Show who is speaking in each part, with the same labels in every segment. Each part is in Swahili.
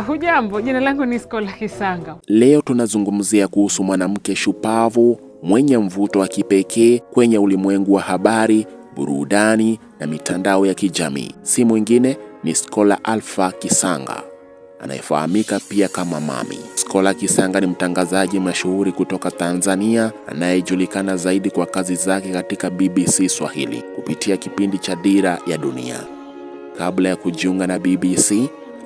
Speaker 1: Hujambo, jina langu ni Skola Kisanga.
Speaker 2: Leo tunazungumzia kuhusu mwanamke shupavu mwenye mvuto wa kipekee kwenye ulimwengu wa habari, burudani na mitandao ya kijamii. Si mwingine ni Skola Alpha Kisanga anayefahamika pia kama Mami. Skola Kisanga ni mtangazaji mashuhuri kutoka Tanzania anayejulikana zaidi kwa kazi zake katika BBC Swahili kupitia kipindi cha Dira ya Dunia. Kabla ya kujiunga na BBC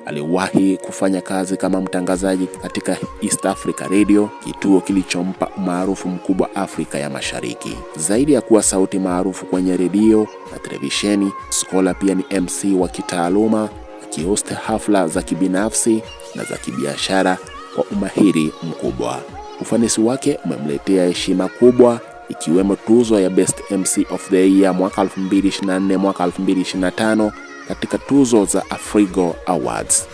Speaker 2: Aliwahi kufanya kazi kama mtangazaji katika East Africa Radio, kituo kilichompa umaarufu mkubwa Afrika ya Mashariki. Zaidi ya kuwa sauti maarufu kwenye redio na televisheni, skola pia ni MC wa kitaaluma, akihost hafla za kibinafsi na za kibiashara kwa umahiri mkubwa. Ufanisi wake umemletea heshima kubwa ikiwemo tuzo ya Best MC of the Year mwaka 2024, mwaka 2025 katika tuzo za Afrigo Awards.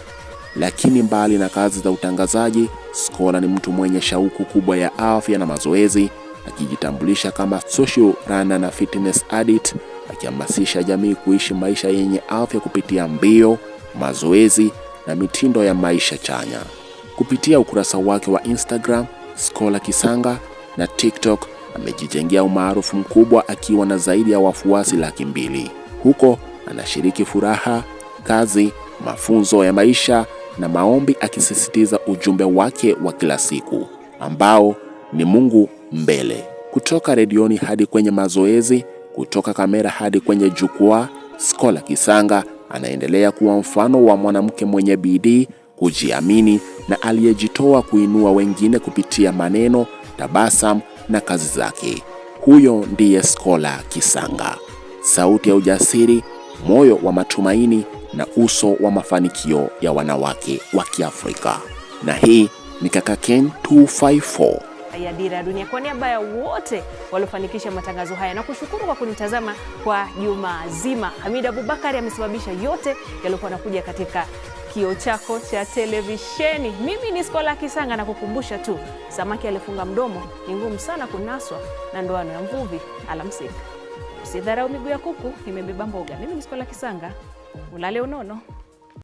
Speaker 2: Lakini mbali na kazi za utangazaji, Scola ni mtu mwenye shauku kubwa ya afya na mazoezi, akijitambulisha kama social runner na fitness addict, akihamasisha jamii kuishi maisha yenye afya kupitia mbio, mazoezi na mitindo ya maisha chanya. Kupitia ukurasa wake wa Instagram Scola Kisanga na TikTok amejijengea umaarufu mkubwa akiwa na zaidi ya wafuasi laki mbili huko anashiriki furaha, kazi, mafunzo ya maisha na maombi, akisisitiza ujumbe wake wa kila siku ambao ni Mungu mbele. Kutoka redioni hadi kwenye mazoezi, kutoka kamera hadi kwenye jukwaa, Scholar Kisanga anaendelea kuwa mfano wa mwanamke mwenye bidii, kujiamini na aliyejitoa kuinua wengine kupitia maneno, tabasamu na kazi zake. Huyo ndiye Scholar Kisanga, sauti ya ujasiri moyo wa matumaini na uso wa mafanikio ya wanawake wa Kiafrika. Na hii ni Kaka Ken 254
Speaker 1: ya Dira ya Dunia. Kwa niaba ya wote waliofanikisha matangazo haya na kushukuru kwa kunitazama kwa juma zima, Hamida Abubakari amesababisha yote yaliyokuwa nakuja katika kio chako cha televisheni. Mimi ni Skola Kisanga na kukumbusha tu, samaki alifunga mdomo ni ngumu sana kunaswa na ndoano ya mvuvi. Alamsika. Usidharau miguu ya kuku, imebeba mboga. Mimi ni Sikola Kisanga, ulale unono.